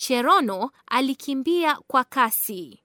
Cherono alikimbia kwa kasi.